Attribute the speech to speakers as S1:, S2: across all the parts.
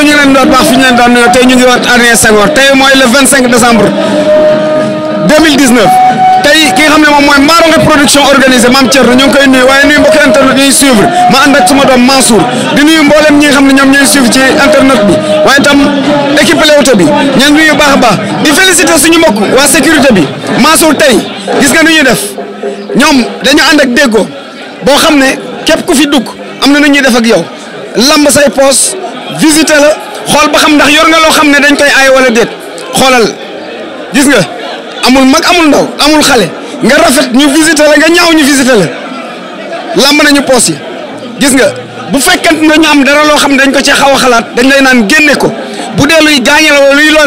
S1: ñu ñu leen doon nuyoo tey ñu ngi wat Adrien Senghor tey mooy le 25 décembre ki xam ne moom mooy Marongue production organisée maam Thierno ñu ngi koy nuyu waaye nuyu mbokki internet ñuy suivre ma ànd ak suma doom Mansour di nuyu mboolem ñi nga xam ne ñoom ñooy suivre ci internet bi waaye tam équipe Leewtoo bi ñu ngi nuyu baax a baax di féliciter suñu mbokk waa sécurité bi Mansour tey gis nga nu ñuy def ñoom dañu ànd ak déggoo boo xam ne képp ku fi dugg am na nu ñuy def ak yow lamb say poos visiter la xool ba xam ndax yor nga loo xam ne dañ koy aay wala déet xoolal gis nga amul mag amul ndaw amul xale nga rafet ñu visiter la nga ñaaw ñu visiter la làmb nañu poos yi gis nga bu fekkent nga ñu am dara loo xam ne dañ ko ci xaw a xalaat dañ lay naan génne ko bu dee luy gaañe la wala luy la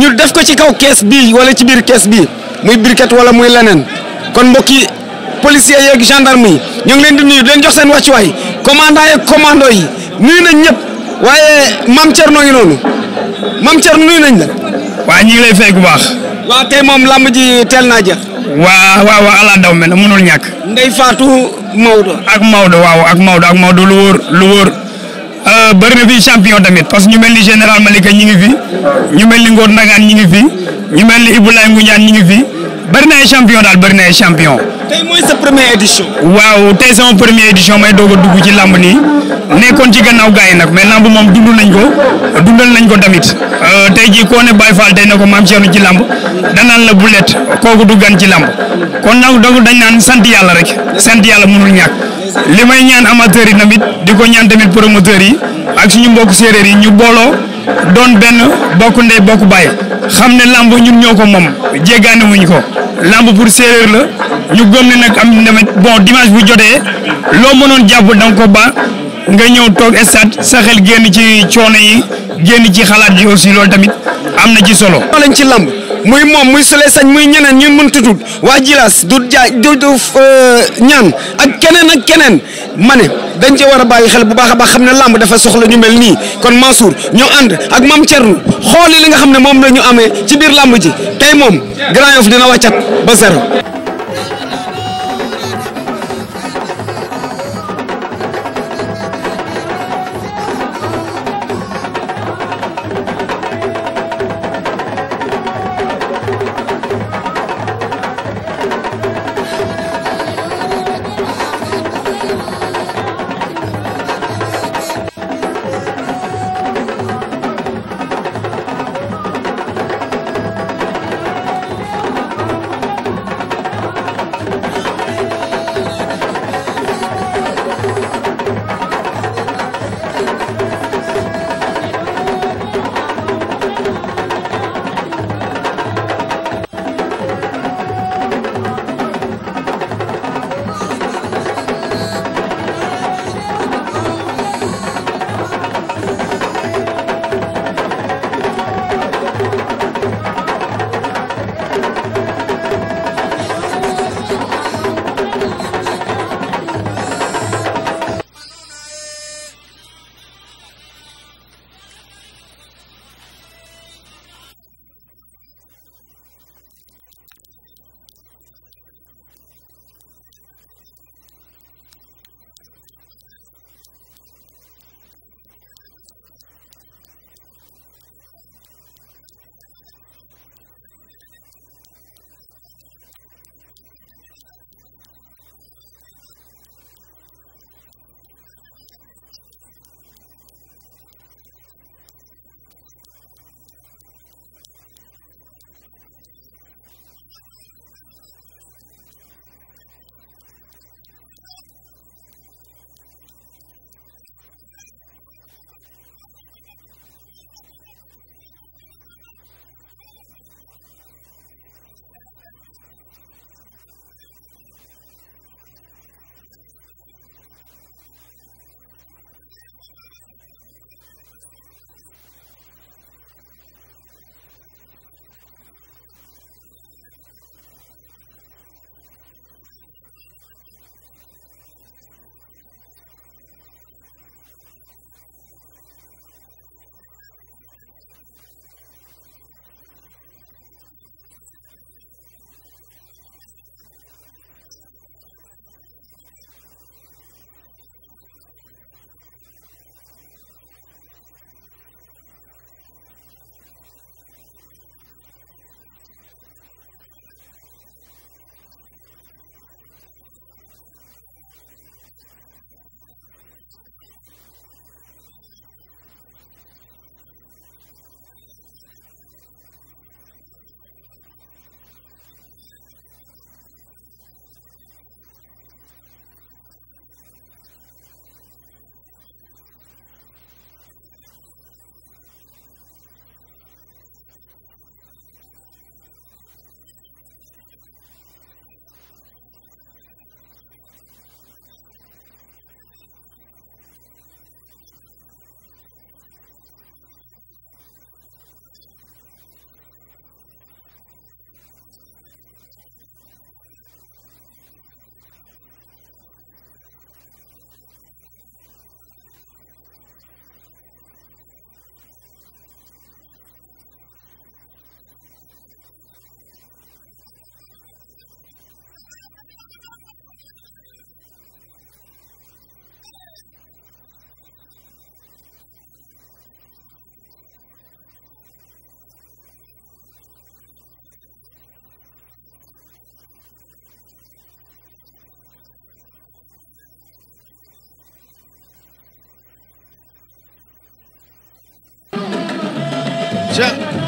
S1: ñu def ko ci kaw kees bi wala ci biir kees bi muy briquette wala muy leneen kon mbokk yi policiers yeeg gendarme yi ñu ngi leen di nuyu di leen jox seen wàccuwaay commandant yeeg commando yi nuyu nañ ñëpp. waaye maam Thierno ngi noonu mam Thierno nuyu nañ la.
S2: waa ñu ngi lay fay bu baax. waa tey moom lamb ji teel naa jeex. waa waaw waaw ala daw mel ne mënul ñàkk. Ndeye Fatou Maodo. ak Maodo waaw ak Maodo ak Maodo lu wóor lu wóor. Euh, bëri na fii champion tamit parce que ñu mel ni général Malika ñi ngi fi ñu mel ni Ngor nagaan ñi ngi fi ñu mel ni Ibou Laye ñaan ñi ngi fi bëri na ay champion daal bëri na ay tey mooy sa première waaw tey sama première édition may doog a dugg ci làmb nii kon ci gannaaw gars yi nag mais làmb moom dund nañ ko dundal nañ ko tamit euh, tey jii koo ne Baye Fall tey na ko maam Thierno ci làmb danaan la bulet kooku du gan ci làmb kon nag donc dañ naan sant yàlla rek sant yàlla mënul ñàkk li may ñaan amateurs yi tamit di ko ñaan tamit promoteurs yi ak suñu mbokk séeréer yi ñu booloo doon benn bokk ndey bokk baay xam ne làmb ñun ñëw ko moom jéggaane wuñ ko. lamb pour séeréer la ñu gëm nag am na bon dimanche bu jotee loo mënoon jàpp da ko ba nga ñëw toog stade sa xel génn ci coono yi génn ci xalaat yi aussi lool tamit am na ci solo. lañ ci lamb muy moom muy Souleye sañ muy ñeneen ñu mënti tudd waa Jilas du jaay du ñaan euh, ak keneen ak keneen mane dañ ci war a bàyyi xel bu baax a
S1: baax xam ne làmb dafa soxla ñu mel nii kon Mansour ñoo ànd ak mam Thierno xooli li nga xam ne moom la ñu amee ci biir làmb ji tey moom Grand Yoff dina wàccat ba zéro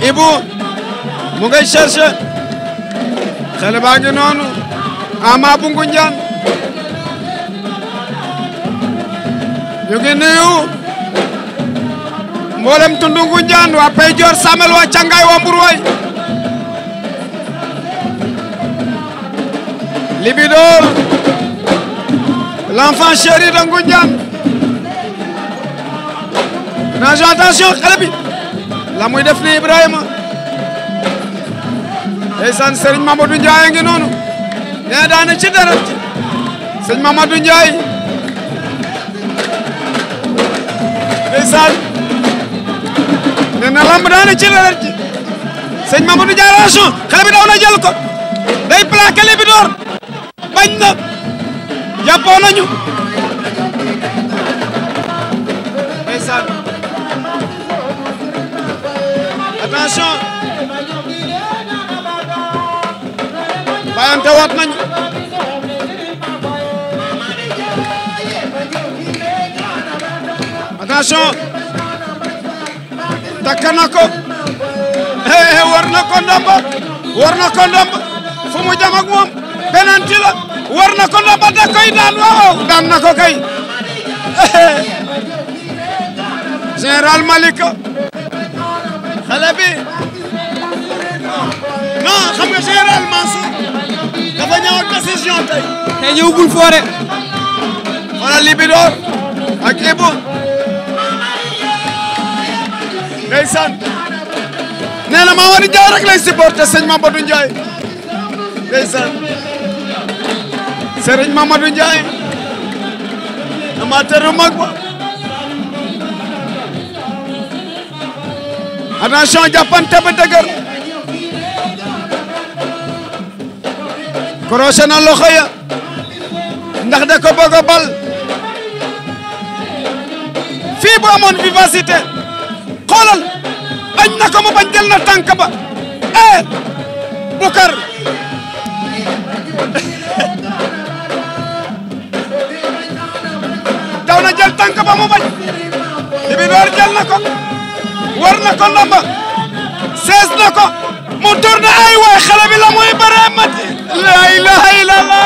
S1: Ibu mu ngay cherché xale baa noonu Ama bu Ngunjaan ñu ngi nuyu mboolem tundu Ngunjaan Pey Joor Samel waa Cangaay waa Mbur waay Libidor l'enfant Ngunjaan na attention xale bi la muy def ni Ibrahima ndeysaan Serigne Mamadou Ndiaye ngi noonu nee daana ci dara Serigne Mamadou Ndiaye ndeysaan nee na lamb daana ci dara Serigne Mamadou Ndiaye ration xale bi daw na jël ko day plaqué li bi door bañ na jàppoo nañu attention bàyyante nañu attention takk na war na ko war na ko fu mu jam ak moom war na ko ndomba da koy daan waaw daan na ko kay xale bi non xam nga général Mansour dafa ñëw décision tey. tey ñëwagul foore. wala Libidor ak Ibou. ndeysaan. nee na Mamadou Ndiaye rek lay supporté sëñ Mamadou Ndiaye. ndeysaan. sëriñ Mamadou Ndiaye. amateur bu mag ba. attention jàppante ba dëgër croché na loxo ndax da ko bëgg a bal fii bu amoon vivacité xoolal bañ na ko mu bañ jël na tànk ba eh Boucar daw na jël tànk ba mu bañ Libidor jël na ko war na ko lamba sees na ko mu tourné ay waay xale la muy bëree la ilaha illallah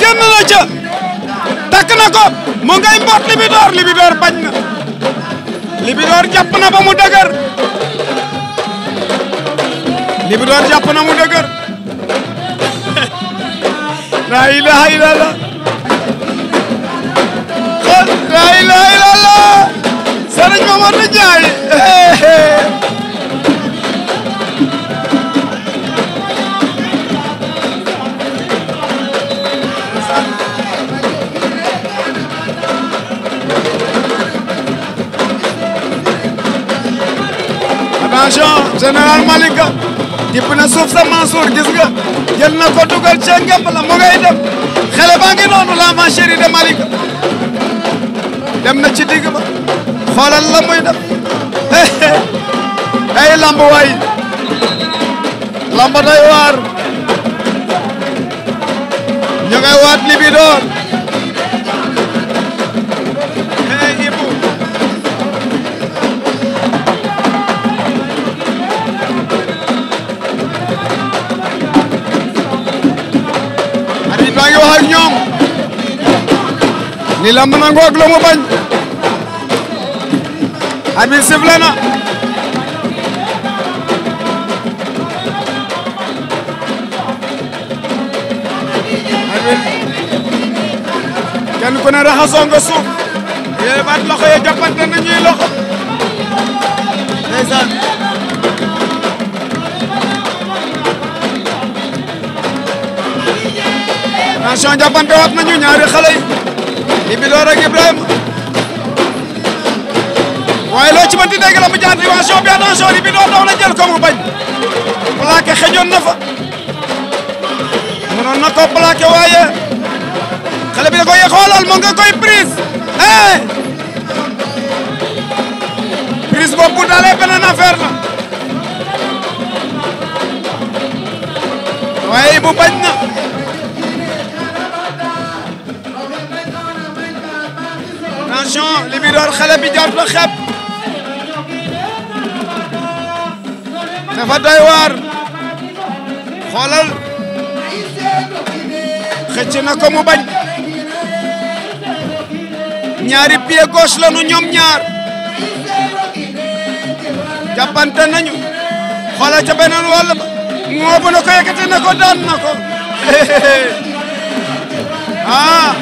S1: génn na na ko mu ngay mbot Libidor Libidor bañ na Libidor jàpp na ba mu dëgër Libidor jàpp na mu dëgër la ilaha Serigne Momar Ndiaye attention général Malika jëpp na suuf sa Mansour gis nga jël na ko dugal ca ngemb la mu ngay dem xale baa ngi noonu la ma chérie de Malika dem na ci digg ba xoolal la muy def ay lamb waay lamb day waar ñu ngay waat li bi doon maa ngi ñoom ni lamb na ngoog la mu bañ arbitre sifflé na kenn ku ne raxasoo nga suuf yooyu baat loxo yi jàppante na ñuy loxo ndeysaan tension jàppante waat nañu ñaari xale yi Ibi Loor ak waaye loo ci mënti dégg la mu jaar dimension bi attention li bi doon daw la jël ko mu bañ plaqué xëjoon na fa mënoon na ko plaqué waaye xale bi da xoolal mu nga koy prise eh prise boobu dalee beneen affaire la waaye bu bañ na attention li xale bi jot na xeeb dafa doy waar xoolal xëcc ko mu bañ ñaari pied gauche la nu ñoom ñaar jàppante nañu xoolal ca beneen wàll ba ŋoobu ko yëkkati na ko daan na ko ah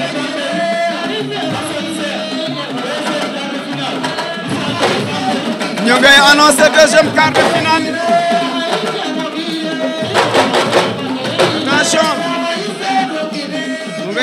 S1: ñu ngay annoncé deuxième quart de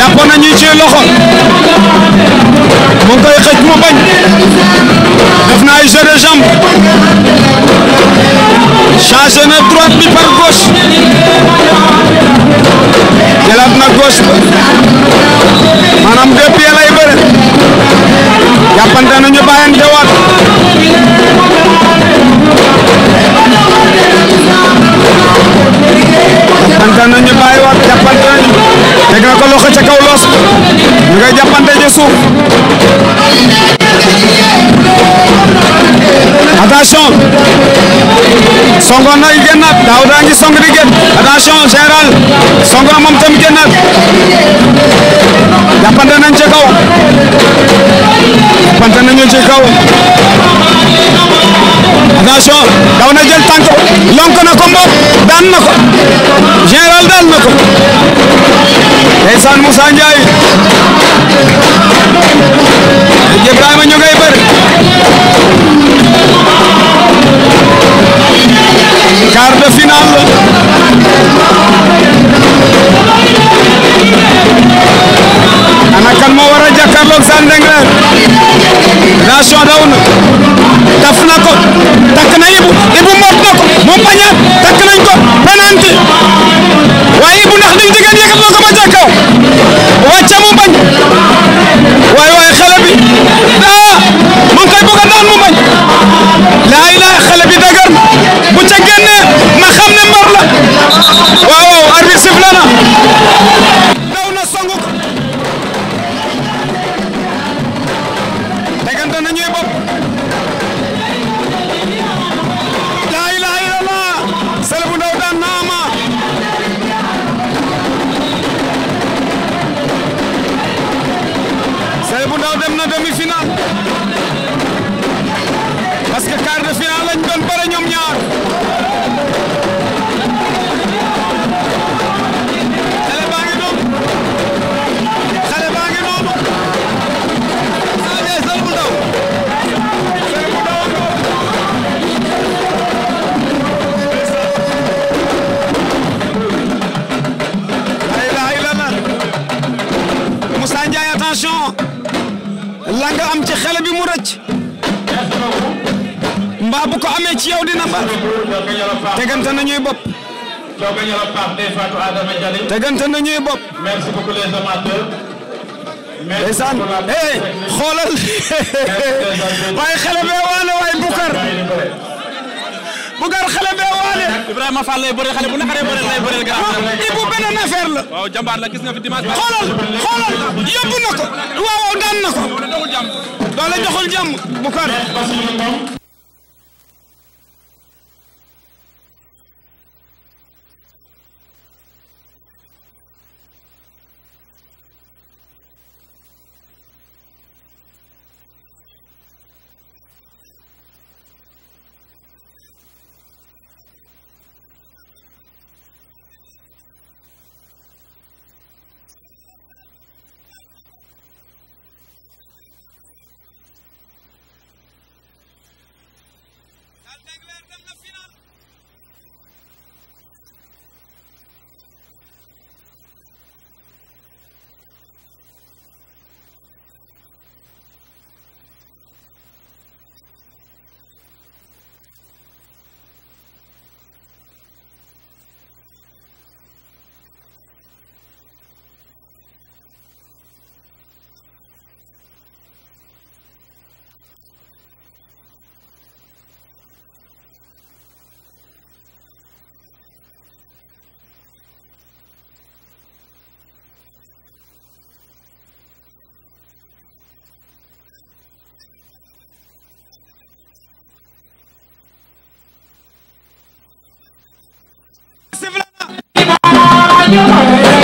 S1: jàppoon na ñuy ci loxo mu ngi koy xëj mu bañ def na ay jeu de jambe changé bi par gauche jëlaat na gauche ba maanaam deux pieds lay ngay jàppante ci suuf attention songo na génnaat Daouda ngi song di génn attention général songo moom tam génnaat jàppante nañ ci kaw jàppante nañu kaw attention daw na jël tànk lonk na ko mbop daan na ko général daan na ko ndeysaan Moussa Ndiaye Ibrahima ñu ngay bëri quart de finale la ana kan moo war a jàkkaarloog Sandengler relation daw na taf na ko takk na Ibou Ibou mot na ko takk nañ ko penalty waaye Ibou ndax dañ jigéen yëkkat na ko ba ca kaw wàcce mu ci yow dina baax tegante nañuy bopp tegante nañuy bopp merci beaucoup les amateurs ndeysaan eh xoolal waaye xale bee waale waaye Boucar Boucar xale bee waale Ibrahima Fall lay bëri xale bu naqaree bëri lay bëri grand ah, Ibou beneen affaire la waaw jàmbaar la gis nga fi dimanche xoolal xoolal yóbbu na ko waaw waaw daan na ko doole joxul jàmm Boucar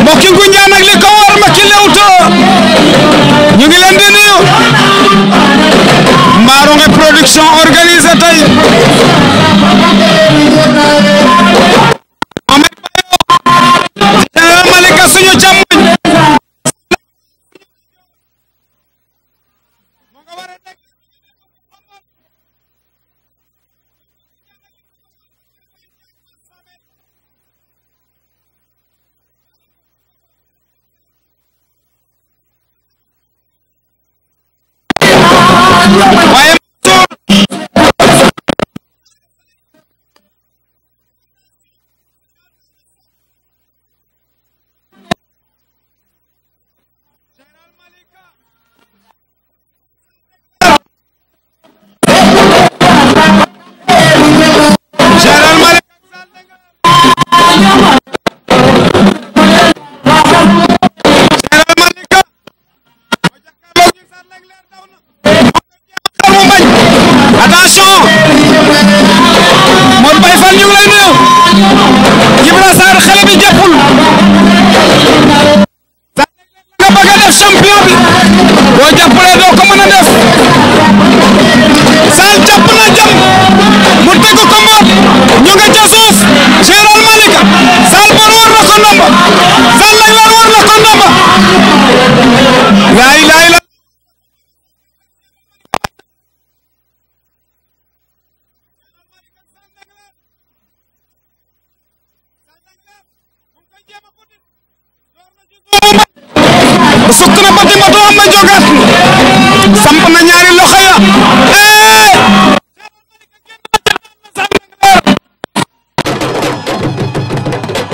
S1: mbokki Ngoundiane ak li ko war Macky Leewtoo ñu ngi leen di nuyu Mbarongue production organisé